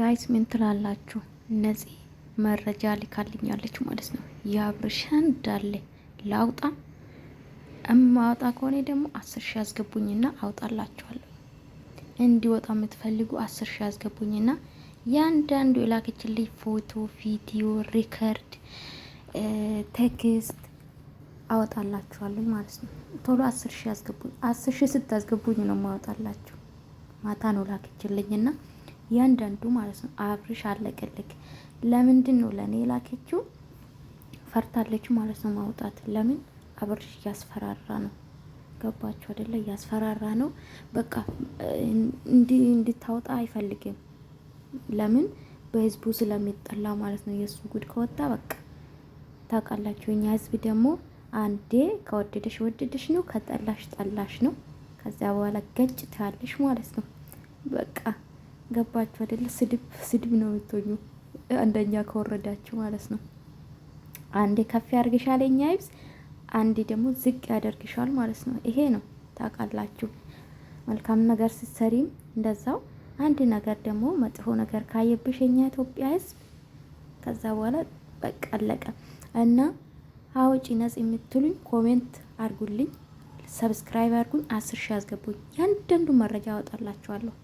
ጋይስ ምን ትላላችሁ? ነፂ መረጃ ልካልኛለች ማለት ነው። የአብርሽን ዳለ ላውጣ፣ እማወጣ ከሆነ ደግሞ አስር ሺህ ያስገቡኝና አውጣላችኋለሁ። እንዲወጣ የምትፈልጉ አስር ሺህ ያስገቡኝና ያንዳንዱ የላከችልኝ ፎቶ፣ ቪዲዮ፣ ሪከርድ፣ ቴክስት አወጣላችኋለሁ ማለት ነው። ቶሎ አስር ሺህ ያስገቡኝ። አስር ሺህ ስታስገቡኝ ነው ማወጣላችሁ። ማታ ነው ላከችልኝና እያንዳንዱ ማለት ነው። አብርሽ አለቀልክ። ለምንድን ነው ለእኔ የላከችው? ፈርታለች ማለት ነው ማውጣት። ለምን አብርሽ እያስፈራራ ነው። ገባችሁ አይደለ? እያስፈራራ ነው። በቃ እንድታወጣ አይፈልግም። ለምን በህዝቡ ስለሚጠላ ማለት ነው። የእሱ ጉድ ከወጣ በቃ ታውቃላችሁ። እኛ ህዝብ ደግሞ አንዴ ከወደደሽ ወደደሽ ነው፣ ከጠላሽ ጠላሽ ነው። ከዚያ በኋላ ገጭ ትያለሽ ማለት ነው። ገባችሁ አይደለ? ስድብ ስድብ ነው የምትሆኙ፣ አንደኛ ከወረዳችሁ ማለት ነው። አንዴ ከፍ ያርግሻል የኛ ይብስ፣ አንዴ ደግሞ ዝቅ ያደርግሻል ማለት ነው። ይሄ ነው ታውቃላችሁ። መልካም ነገር ስትሰሪም እንደዛው፣ አንድ ነገር ደግሞ መጥፎ ነገር ካየብሽ የኛ ኢትዮጵያ ህዝብ ከዛ በኋላ በቃ አለቀ እና አውጪ ነጽ የምትሉኝ ኮሜንት አርጉልኝ፣ ሰብስክራይብ አርጉኝ፣ አስር ሺ አስገቡኝ። ያንዳንዱ መረጃ አወጣላችኋለሁ።